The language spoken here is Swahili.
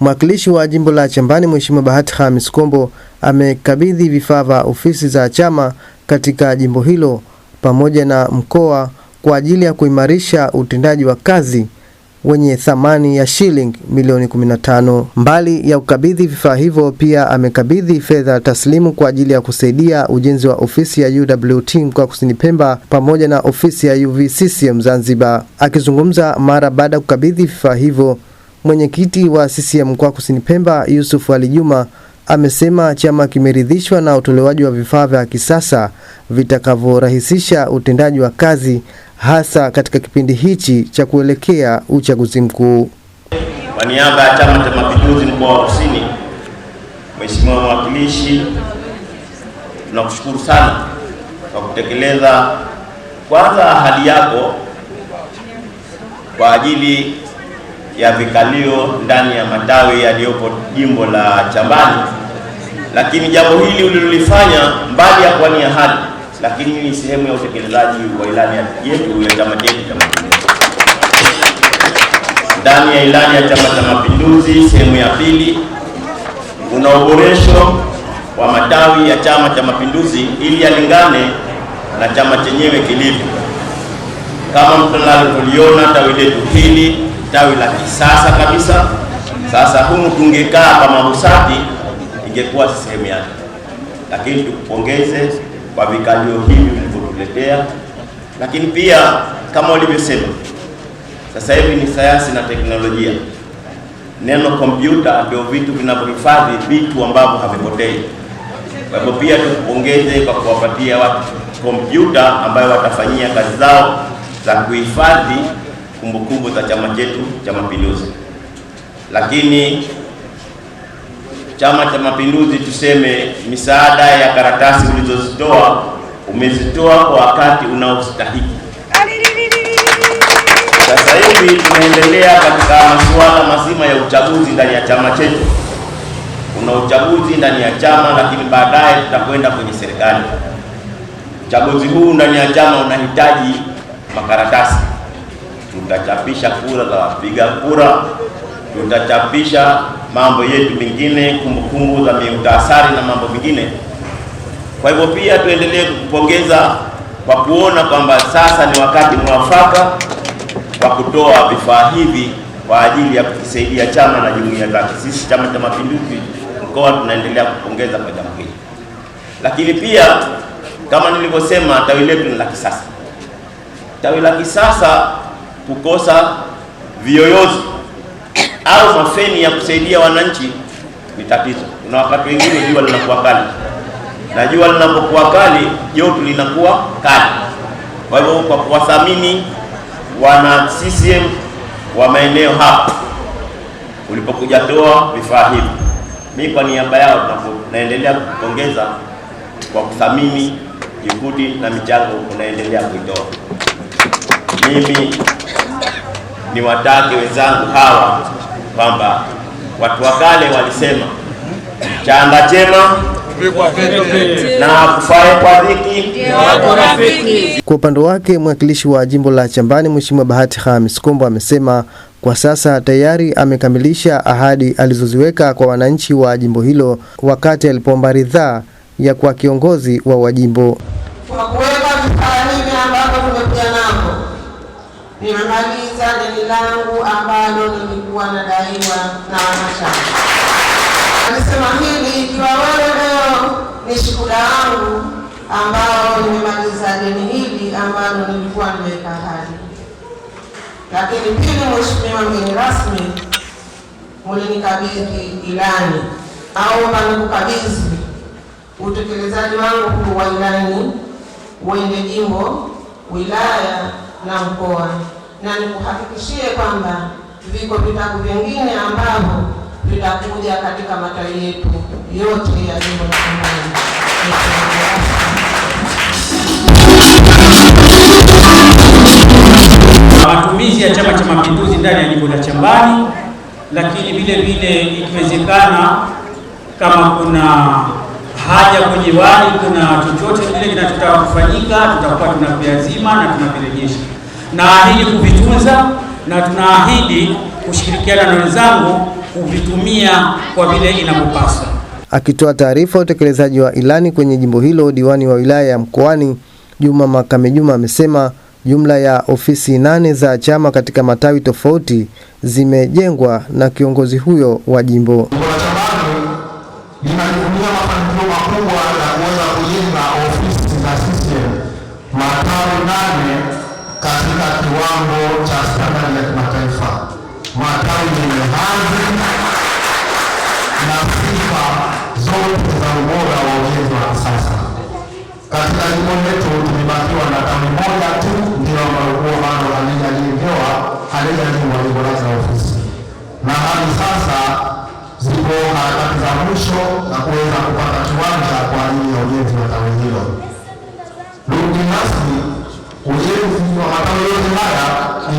Mwakilishi wa jimbo la Chambani Mheshimiwa Bahati Hamis Kombo amekabidhi vifaa vya ofisi za chama katika jimbo hilo pamoja na mkoa kwa ajili ya kuimarisha utendaji wa kazi wenye thamani ya shilingi milioni 15. Mbali ya kukabidhi vifaa hivyo, pia amekabidhi fedha taslimu kwa ajili ya kusaidia ujenzi wa ofisi ya UWT mkoa Kusini Pemba pamoja na ofisi ya UVCCM Zanzibar. Akizungumza mara baada ya kukabidhi vifaa hivyo Mwenyekiti wa CCM mkoa Kusini Pemba Yusuf Ali Juma amesema chama kimeridhishwa na utolewaji wa vifaa vya kisasa vitakavyorahisisha utendaji wa kazi hasa katika kipindi hichi cha kuelekea uchaguzi mkuu. Kwa niaba ya Chama cha Mapinduzi mkoa wa Kusini, Mheshimiwa mwakilishi, tunakushukuru sana kwa kutekeleza kwanza ahadi yako kwa ajili ya vikalio ndani ya matawi yaliyopo jimbo la Chambani. Lakini jambo hili ulilolifanya mbali ya kuwa ni ahadi, lakini ni sehemu ya utekelezaji wa ilani yetu ya chama chetu cha Mapinduzi. Ndani ya ilani ya Chama cha Mapinduzi sehemu ya pili, kuna uboresho wa matawi ya Chama cha Mapinduzi ili yalingane na chama chenyewe kilivyo. Kama mtu tuliona tawi letu hili tawi la kisasa kabisa. Sasa humu tungekaa kama Busati ingekuwa sehemu yake, lakini tukupongeze kwa vikalio hivi vilivyotuletea lakini pia kama ulivyosema sasa hivi ni sayansi na teknolojia. Neno kompyuta ndio vitu vinavyohifadhi vitu ambavyo havipotei. Kwa hivyo pia tukupongeze kwa kuwapatia watu kompyuta ambayo watafanyia kazi zao za kuhifadhi kumbukumbu za chama chetu cha Mapinduzi, lakini Chama cha Mapinduzi tuseme, misaada ya karatasi ulizozitoa umezitoa kwa wakati unaostahiki. Sasa hivi tunaendelea katika masuala mazima ya uchaguzi ndani ya chama chetu. Kuna uchaguzi ndani ya chama, lakini baadaye tutakwenda kwenye serikali. Uchaguzi huu ndani ya chama unahitaji makaratasi tutachapisha kura za wapiga kura, tutachapisha mambo yetu mengine, kumbukumbu za miutasari na mambo mengine. Kwa hivyo pia tuendelee kukupongeza kwa kuona kwamba sasa ni wakati mwafaka wa kutoa vifaa hivi kwa ajili ya kukisaidia chama na jumuiya zake. Sisi Chama cha Mapinduzi mkoa tunaendelea kupongeza kwa jambo hili, lakini pia kama nilivyosema, tawi letu ni la kisasa, tawi la kisasa kukosa viyoyozi au mafeni ya kusaidia wananchi ni tatizo. Kuna wakati wengine jua linakuwa kali, na jua linapokuwa kali joto linakuwa kali. Kwa hivyo kwa kuwathamini wana CCM wa maeneo hapa ulipokuja toa vifaa hivi, mimi kwa niaba yao naendelea kukupongeza kwa kuthamini juhudi na michango unaendelea kuitoa mimi ni watake wenzangu hawa kwamba watu wa kale walisema changa chema na kwa upande wake mwakilishi wa jimbo la Chambani Mheshimiwa Bahati Hamis Kombo amesema kwa sasa tayari amekamilisha ahadi alizoziweka kwa wananchi wa jimbo hilo wakati alipoomba ridhaa ya kwa kiongozi wa wajimbo. Nimemaliza deni langu ambalo nilikuwa nadaiwa na wanachama. Nasema hili ikiwa wewe leo ni shuhuda wangu ambao nimemaliza deni hili ambalo nilikuwa nimeweka hadi. Lakini pili, Mheshimiwa mgeni rasmi, mulinikabidhi ilani. au nikukabidhi utekelezaji wangu wa ilani uende jimbo, wilaya na mkoa, na nikuhakikishie kwamba viko vitabu vingine ambavyo vitakuja katika matawi yetu yote ya jimbo la matumizi ya Chama cha Mapinduzi ndani ya jimbo la Chambani, lakini vile vile ikiwezekana kama kuna haja kwenye wali kuna chochote kile kinachotaka kufanyika, tutakuwa tunaviazima na tunavirejesha. Naahidi kuvitunza na tunaahidi kushirikiana na wenzangu kuvitumia kwa vile inavyopaswa. Akitoa taarifa utekelezaji wa ilani kwenye jimbo hilo, diwani wa wilaya ya Mkoani Juma Makame Juma amesema jumla ya ofisi nane za chama katika matawi tofauti zimejengwa na kiongozi huyo wa jimbo. nane katika kiwango cha standard ya kimataifa. Matawi yenye hadhi na sifa zote za ubora wa ujenzi wa kisasa. Katika jimbo letu tumebakiwa na tawi moja tu ndio ambalo kuwa bado halijajengewa, halijajengwa jengo lake la ofisi, na hadi sasa zipo harakati za mwisho na kuweza kupata kiwanja kwa ajili ya ujenzi wa tawi hilo. Ndugu rasmi kujibu mambo yote haya